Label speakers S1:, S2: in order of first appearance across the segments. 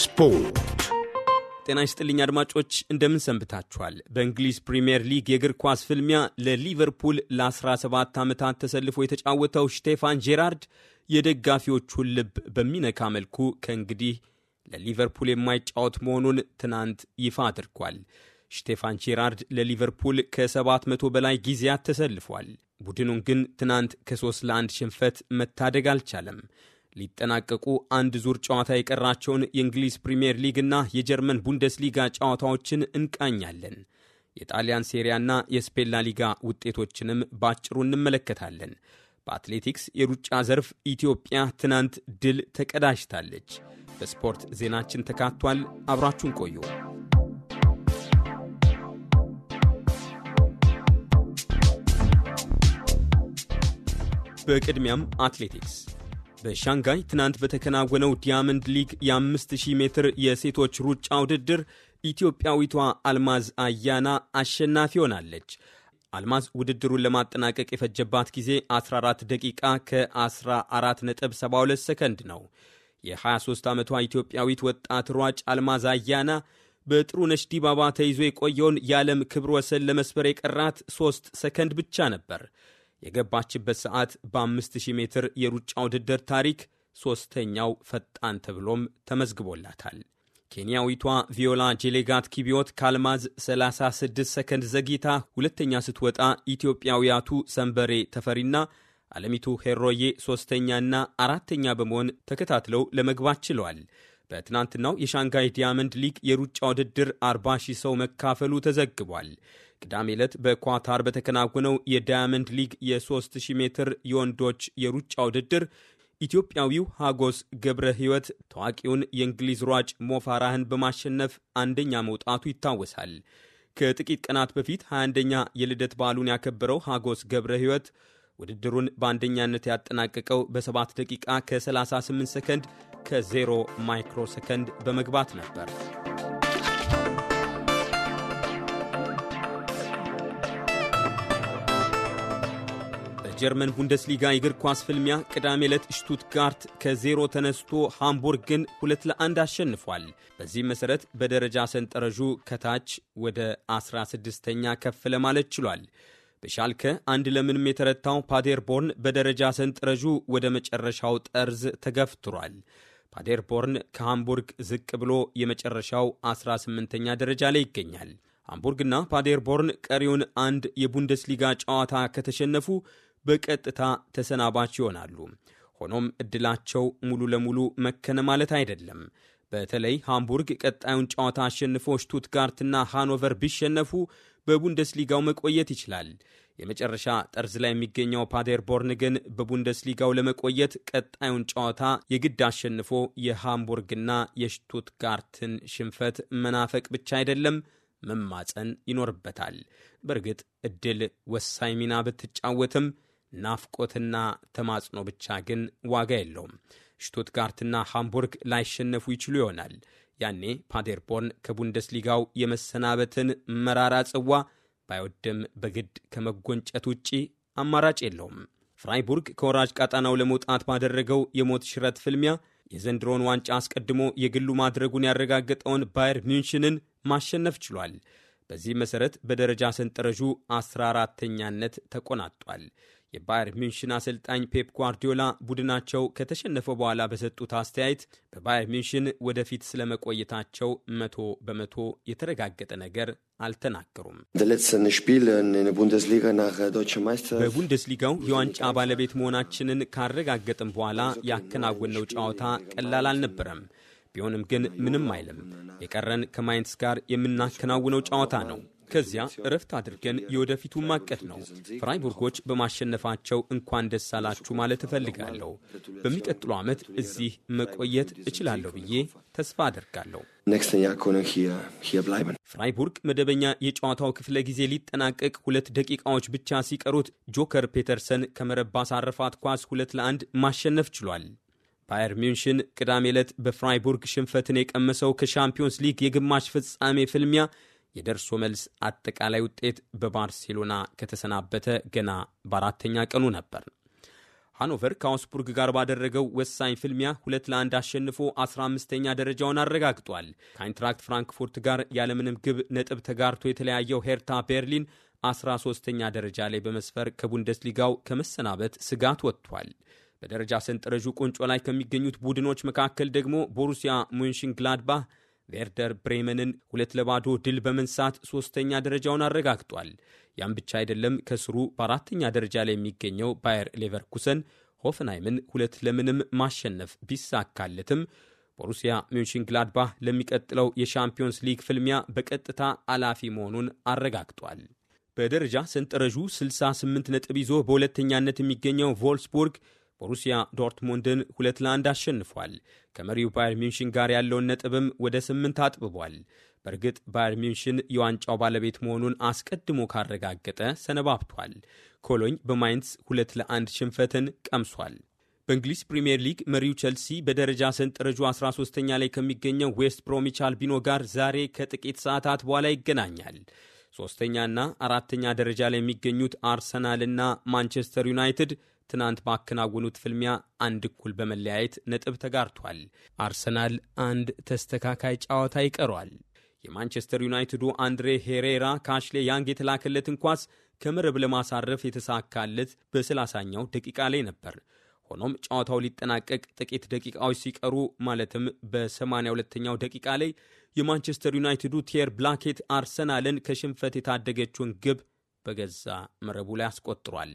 S1: ስፖርት ጤና ይስጥልኝ አድማጮች፣ እንደምን ሰንብታችኋል? በእንግሊዝ ፕሪምየር ሊግ የእግር ኳስ ፍልሚያ ለሊቨርፑል ለ17 ዓመታት ተሰልፎ የተጫወተው ሽቴፋን ጄራርድ የደጋፊዎቹን ልብ በሚነካ መልኩ ከእንግዲህ ለሊቨርፑል የማይጫወት መሆኑን ትናንት ይፋ አድርጓል። ሽቴፋን ጄራርድ ለሊቨርፑል ከ700 በላይ ጊዜያት ተሰልፏል። ቡድኑን ግን ትናንት ከ3 ለአንድ ሽንፈት መታደግ አልቻለም። ሊጠናቀቁ አንድ ዙር ጨዋታ የቀራቸውን የእንግሊዝ ፕሪምየር ሊግና የጀርመን ቡንደስሊጋ ጨዋታዎችን እንቃኛለን። የጣሊያን ሴሪያና የስፔን ላሊጋ ውጤቶችንም ባጭሩ እንመለከታለን። በአትሌቲክስ የሩጫ ዘርፍ ኢትዮጵያ ትናንት ድል ተቀዳጅታለች። በስፖርት ዜናችን ተካቷል። አብራችሁን ቆዩ። በቅድሚያም አትሌቲክስ በሻንጋይ ትናንት በተከናወነው ዲያመንድ ሊግ የ5000 ሜትር የሴቶች ሩጫ ውድድር ኢትዮጵያዊቷ አልማዝ አያና አሸናፊ ሆናለች። አልማዝ ውድድሩን ለማጠናቀቅ የፈጀባት ጊዜ 14 ደቂቃ ከ14.72 ሰከንድ ነው። የ23 ዓመቷ ኢትዮጵያዊት ወጣት ሯጭ አልማዝ አያና በጥሩነሽ ዲባባ ተይዞ የቆየውን የዓለም ክብረ ወሰን ለመስበር የቀራት 3 ሰከንድ ብቻ ነበር። የገባችበት ሰዓት በ5000 ሜትር የሩጫ ውድድር ታሪክ ሦስተኛው ፈጣን ተብሎም ተመዝግቦላታል። ኬንያዊቷ ቪዮላ ጄሌጋት ኪቢዮት ካልማዝ 36 ሰከንድ ዘግይታ ሁለተኛ ስትወጣ ኢትዮጵያውያቱ ሰንበሬ ተፈሪና አለሚቱ ሄሮዬ ሦስተኛና አራተኛ በመሆን ተከታትለው ለመግባት ችለዋል። በትናንትናው የሻንጋይ ዲያመንድ ሊግ የሩጫ ውድድር 40 ሺህ ሰው መካፈሉ ተዘግቧል። ቅዳሜ ዕለት በኳታር በተከናወነው የዳያመንድ ሊግ የ3000 ሜትር የወንዶች የሩጫ ውድድር ኢትዮጵያዊው ሀጎስ ገብረ ሕይወት ታዋቂውን የእንግሊዝ ሯጭ ሞፋራህን በማሸነፍ አንደኛ መውጣቱ ይታወሳል። ከጥቂት ቀናት በፊት 21ኛ የልደት በዓሉን ያከበረው ሀጎስ ገብረ ሕይወት ውድድሩን በአንደኛነት ያጠናቀቀው በ7 ደቂቃ ከ38 ሰከንድ ከ0 ማይክሮ ሰከንድ በመግባት ነበር። የጀርመን ቡንደስሊጋ የእግር ኳስ ፍልሚያ ቅዳሜ ዕለት ሽቱትጋርት ከዜሮ ተነስቶ ሃምቡርግን ሁለት ለአንድ አሸንፏል። በዚህም መሠረት በደረጃ ሰንጠረዡ ከታች ወደ 16ኛ ከፍ ለማለት ችሏል። በሻልከ አንድ ለምንም የተረታው ፓዴርቦርን በደረጃ ሰንጠረዡ ወደ መጨረሻው ጠርዝ ተገፍትሯል። ፓዴርቦርን ከሃምቡርግ ዝቅ ብሎ የመጨረሻው 18ኛ ደረጃ ላይ ይገኛል። ሃምቡርግና ፓዴርቦርን ቀሪውን አንድ የቡንደስሊጋ ጨዋታ ከተሸነፉ በቀጥታ ተሰናባች ይሆናሉ። ሆኖም እድላቸው ሙሉ ለሙሉ መከነ ማለት አይደለም። በተለይ ሃምቡርግ ቀጣዩን ጨዋታ አሸንፎ ሽቱትጋርትና ሃኖቨር ቢሸነፉ በቡንደስሊጋው መቆየት ይችላል። የመጨረሻ ጠርዝ ላይ የሚገኘው ፓደርቦርን ግን በቡንደስሊጋው ለመቆየት ቀጣዩን ጨዋታ የግድ አሸንፎ የሃምቡርግና የሽቱትጋርትን ሽንፈት መናፈቅ ብቻ አይደለም መማፀን ይኖርበታል። በእርግጥ እድል ወሳኝ ሚና ብትጫወትም ናፍቆትና ተማጽኖ ብቻ ግን ዋጋ የለውም። ሽቱትጋርትና ሃምቡርግ ላይሸነፉ ይችሉ ይሆናል። ያኔ ፓዴርቦርን ከቡንደስሊጋው የመሰናበትን መራራ ጽዋ ባይወድም በግድ ከመጎንጨት ውጪ አማራጭ የለውም። ፍራይቡርግ ከወራጅ ቀጠናው ለመውጣት ባደረገው የሞት ሽረት ፍልሚያ የዘንድሮን ዋንጫ አስቀድሞ የግሉ ማድረጉን ያረጋገጠውን ባየር ሚንሽንን ማሸነፍ ችሏል። በዚህ መሠረት በደረጃ ሰንጠረዡ 14ተኛነት ተቆናጧል። የባየር ሚንሽን አሰልጣኝ ፔፕ ጓርዲዮላ ቡድናቸው ከተሸነፈው በኋላ በሰጡት አስተያየት በባየር ሚንሽን ወደፊት ስለመቆየታቸው መቶ በመቶ የተረጋገጠ ነገር አልተናገሩም። äh, በቡንደስሊጋው የዋንጫ ባለቤት መሆናችንን ካረጋገጥም በኋላ ያከናወነው ጨዋታ ቀላል አልነበረም። ቢሆንም ግን ምንም አይልም። የቀረን ከማይንስ ጋር የምናከናውነው ጨዋታ ነው። ከዚያ እረፍት አድርገን የወደፊቱን ማቀድ ነው። ፍራይቡርጎች በማሸነፋቸው እንኳን ደስ አላችሁ ማለት እፈልጋለሁ። በሚቀጥለው ዓመት እዚህ መቆየት እችላለሁ ብዬ ተስፋ አድርጋለሁ። ፍራይቡርግ መደበኛ የጨዋታው ክፍለ ጊዜ ሊጠናቀቅ ሁለት ደቂቃዎች ብቻ ሲቀሩት ጆከር ፔተርሰን ከመረብ ባሳረፋት ኳስ ሁለት ለአንድ ማሸነፍ ችሏል። ባየር ሚንሽን ቅዳሜ ዕለት በፍራይቡርግ ሽንፈትን የቀመሰው ከሻምፒዮንስ ሊግ የግማሽ ፍጻሜ ፍልሚያ የደርሶ መልስ አጠቃላይ ውጤት በባርሴሎና ከተሰናበተ ገና በአራተኛ ቀኑ ነበር። ሃኖቨር ከአውስቡርግ ጋር ባደረገው ወሳኝ ፍልሚያ ሁለት ለአንድ አሸንፎ 15ኛ ደረጃውን አረጋግጧል። ከአይንትራክት ፍራንክፉርት ጋር ያለምንም ግብ ነጥብ ተጋርቶ የተለያየው ሄርታ ቤርሊን 13ኛ ደረጃ ላይ በመስፈር ከቡንደስሊጋው ከመሰናበት ስጋት ወጥቷል። በደረጃ ሰንጠረዡ ቁንጮ ላይ ከሚገኙት ቡድኖች መካከል ደግሞ ቦሩሲያ ሙንሽን ግላድባህ ቬርደር ብሬመንን ሁለት ለባዶ ድል በመንሳት ሶስተኛ ደረጃውን አረጋግጧል። ያም ብቻ አይደለም። ከስሩ በአራተኛ ደረጃ ላይ የሚገኘው ባየር ሌቨርኩሰን ሆፍንሃይምን ሁለት ለምንም ማሸነፍ ቢሳካለትም ቦሩሲያ ግላድባህ ለሚቀጥለው የሻምፒዮንስ ሊግ ፍልሚያ በቀጥታ አላፊ መሆኑን አረጋግጧል። በደረጃ ሰንጠረዡ 68 ነጥብ ይዞ በሁለተኛነት የሚገኘው ቮልስቡርግ ቦሩሲያ ዶርትሙንድን ሁለት ለአንድ አሸንፏል። ከመሪው ባየር ሚንሽን ጋር ያለውን ነጥብም ወደ ስምንት አጥብቧል። በእርግጥ ባየር ሚንሽን የዋንጫው ባለቤት መሆኑን አስቀድሞ ካረጋገጠ ሰነባብቷል። ኮሎኝ በማይንስ ሁለት ለአንድ ሽንፈትን ቀምሷል። በእንግሊዝ ፕሪምየር ሊግ መሪው ቸልሲ በደረጃ ሰንጠረዡ 13ኛ ላይ ከሚገኘው ዌስት ብሮሚች አልቢኖ ጋር ዛሬ ከጥቂት ሰዓታት በኋላ ይገናኛል። ሶስተኛና አራተኛ ደረጃ ላይ የሚገኙት አርሰናልና ማንቸስተር ዩናይትድ ትናንት ባከናወኑት ፍልሚያ አንድ እኩል በመለያየት ነጥብ ተጋርቷል። አርሰናል አንድ ተስተካካይ ጨዋታ ይቀሯል። የማንቸስተር ዩናይትዱ አንድሬ ሄሬራ ከአሽሌ ያንግ የተላከለትን ኳስ ከመረብ ለማሳረፍ የተሳካለት በሰላሳኛው ደቂቃ ላይ ነበር። ሆኖም ጨዋታው ሊጠናቀቅ ጥቂት ደቂቃዎች ሲቀሩ ማለትም በሰማንያ ሁለተኛው ደቂቃ ላይ የማንቸስተር ዩናይትዱ ቲየር ብላኬት አርሰናልን ከሽንፈት የታደገችውን ግብ በገዛ መረቡ ላይ አስቆጥሯል።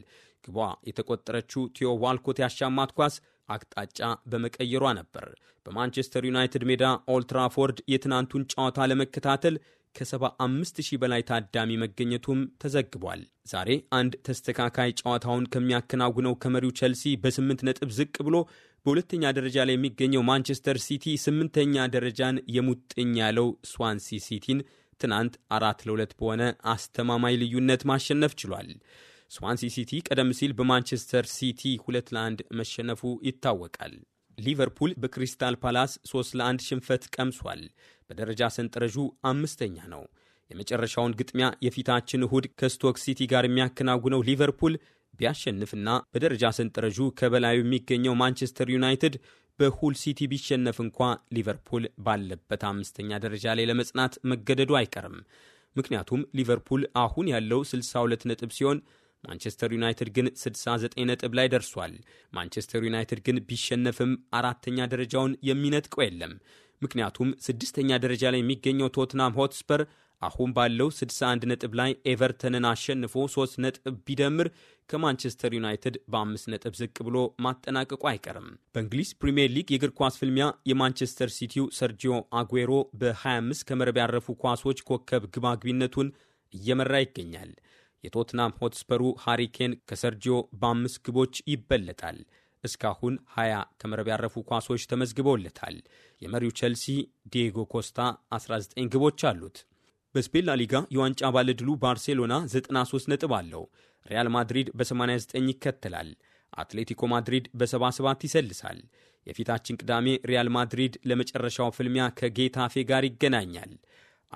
S1: ግቧ የተቆጠረችው ቲዮ ዋልኮት ያሻማት ኳስ አቅጣጫ በመቀየሯ ነበር። በማንቸስተር ዩናይትድ ሜዳ ኦልትራፎርድ የትናንቱን ጨዋታ ለመከታተል ከ75 ሺህ በላይ ታዳሚ መገኘቱም ተዘግቧል። ዛሬ አንድ ተስተካካይ ጨዋታውን ከሚያከናውነው ከመሪው ቸልሲ በ8 ነጥብ ዝቅ ብሎ በሁለተኛ ደረጃ ላይ የሚገኘው ማንቸስተር ሲቲ ስምንተኛ ደረጃን የሙጥኝ ያለው ስዋንሲ ሲቲን ትናንት አራት ለሁለት በሆነ አስተማማኝ ልዩነት ማሸነፍ ችሏል። ስዋንሲ ሲቲ ቀደም ሲል በማንቸስተር ሲቲ ሁለት ለአንድ መሸነፉ ይታወቃል። ሊቨርፑል በክሪስታል ፓላስ ሶስት ለአንድ ሽንፈት ቀምሷል። በደረጃ ሰንጠረዡ አምስተኛ ነው። የመጨረሻውን ግጥሚያ የፊታችን እሁድ ከስቶክ ሲቲ ጋር የሚያከናውነው ሊቨርፑል ቢያሸንፍና በደረጃ ሰንጠረዡ ከበላዩ የሚገኘው ማንቸስተር ዩናይትድ በሁል ሲቲ ቢሸነፍ እንኳ ሊቨርፑል ባለበት አምስተኛ ደረጃ ላይ ለመጽናት መገደዱ አይቀርም። ምክንያቱም ሊቨርፑል አሁን ያለው 62 ነጥብ ሲሆን ማንቸስተር ዩናይትድ ግን 69 ነጥብ ላይ ደርሷል። ማንቸስተር ዩናይትድ ግን ቢሸነፍም አራተኛ ደረጃውን የሚነጥቀው የለም። ምክንያቱም ስድስተኛ ደረጃ ላይ የሚገኘው ቶትናም ሆትስፐር አሁን ባለው 61 ነጥብ ላይ ኤቨርተንን አሸንፎ 3 ነጥብ ቢደምር ከማንቸስተር ዩናይትድ በአምስት ነጥብ ዝቅ ብሎ ማጠናቀቁ አይቀርም። በእንግሊዝ ፕሪምየር ሊግ የእግር ኳስ ፍልሚያ የማንቸስተር ሲቲው ሰርጂዮ አጉዌሮ በ25 ከመረብ ያረፉ ኳሶች ኮከብ ግባግቢነቱን እየመራ ይገኛል። የቶትናም ሆትስፐሩ ሃሪኬን ከሰርጂዮ በአምስት ግቦች ይበለጣል። እስካሁን 20 ከመረብ ያረፉ ኳሶች ተመዝግበውለታል። የመሪው ቼልሲ ዲየጎ ኮስታ 19 ግቦች አሉት። በስፔን ላሊጋ የዋንጫ ባለድሉ ባርሴሎና 93 ነጥብ አለው። ሪያል ማድሪድ በ89 ይከተላል። አትሌቲኮ ማድሪድ በ77 ይሰልሳል። የፊታችን ቅዳሜ ሪያል ማድሪድ ለመጨረሻው ፍልሚያ ከጌታፌ ጋር ይገናኛል።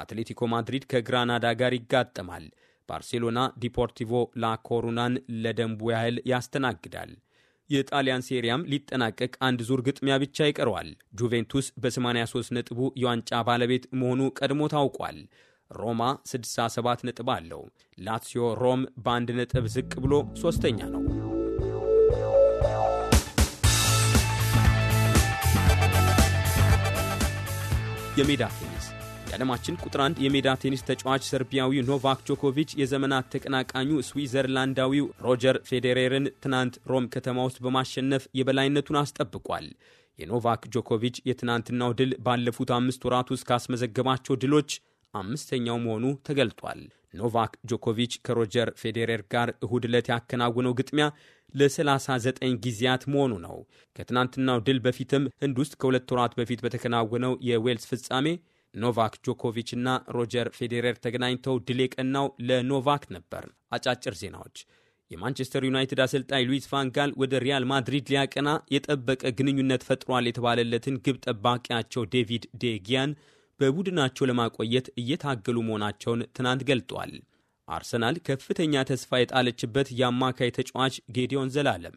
S1: አትሌቲኮ ማድሪድ ከግራናዳ ጋር ይጋጠማል። ባርሴሎና ዲፖርቲቮ ላኮሩናን ለደንቡ ያህል ያስተናግዳል። የጣሊያን ሴሪያም ሊጠናቀቅ አንድ ዙር ግጥሚያ ብቻ ይቀረዋል። ጁቬንቱስ በ83 ነጥቡ የዋንጫ ባለቤት መሆኑ ቀድሞ ታውቋል። ሮማ 67 ነጥብ አለው። ላትሲዮ ሮም በአንድ ነጥብ ዝቅ ብሎ ሦስተኛ ነው። የሜዳ ቴኒስ የዓለማችን ቁጥር አንድ የሜዳ ቴኒስ ተጫዋች ሰርቢያዊው ኖቫክ ጆኮቪች የዘመናት ተቀናቃኙ ስዊዘርላንዳዊው ሮጀር ፌዴሬርን ትናንት ሮም ከተማ ውስጥ በማሸነፍ የበላይነቱን አስጠብቋል። የኖቫክ ጆኮቪች የትናንትናው ድል ባለፉት አምስት ወራት ውስጥ ካስመዘገባቸው ድሎች አምስተኛው መሆኑ ተገልጧል። ኖቫክ ጆኮቪች ከሮጀር ፌዴሬር ጋር እሁድ ዕለት ያከናውነው ግጥሚያ ለ39 ጊዜያት መሆኑ ነው። ከትናንትናው ድል በፊትም ህንድ ውስጥ ከሁለት ወራት በፊት በተከናወነው የዌልስ ፍጻሜ ኖቫክ ጆኮቪች እና ሮጀር ፌዴሬር ተገናኝተው ድል የቀናው ለኖቫክ ነበር። አጫጭር ዜናዎች። የማንቸስተር ዩናይትድ አሰልጣኝ ሉዊስ ቫንጋል ወደ ሪያል ማድሪድ ሊያቀና የጠበቀ ግንኙነት ፈጥሯል የተባለለትን ግብ ጠባቂያቸው ዴቪድ ዴጊያን በቡድናቸው ለማቆየት እየታገሉ መሆናቸውን ትናንት ገልጧል። አርሰናል ከፍተኛ ተስፋ የጣለችበት የአማካይ ተጫዋች ጌዲዮን ዘላለም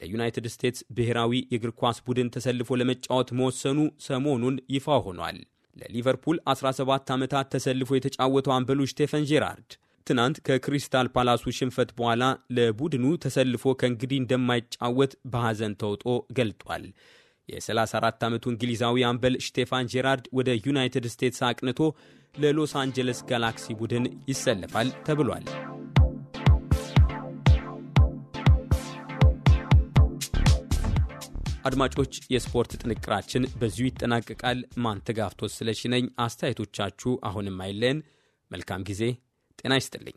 S1: ለዩናይትድ ስቴትስ ብሔራዊ የእግር ኳስ ቡድን ተሰልፎ ለመጫወት መወሰኑ ሰሞኑን ይፋ ሆኗል። ለሊቨርፑል 17 ዓመታት ተሰልፎ የተጫወተው አምበሉ ስቴፈን ጄራርድ ትናንት ከክሪስታል ፓላሱ ሽንፈት በኋላ ለቡድኑ ተሰልፎ ከእንግዲህ እንደማይጫወት በሐዘን ተውጦ ገልጧል። የ34 ዓመቱ እንግሊዛዊ አምበል ሽቴፋን ጄራርድ ወደ ዩናይትድ ስቴትስ አቅንቶ ለሎስ አንጀለስ ጋላክሲ ቡድን ይሰለፋል ተብሏል። አድማጮች፣ የስፖርት ጥንቅራችን በዚሁ ይጠናቀቃል። ማን ስለሺ ስለሽነኝ አስተያየቶቻችሁ አሁንም አይለን? መልካም ጊዜ። ጤና ይስጥልኝ።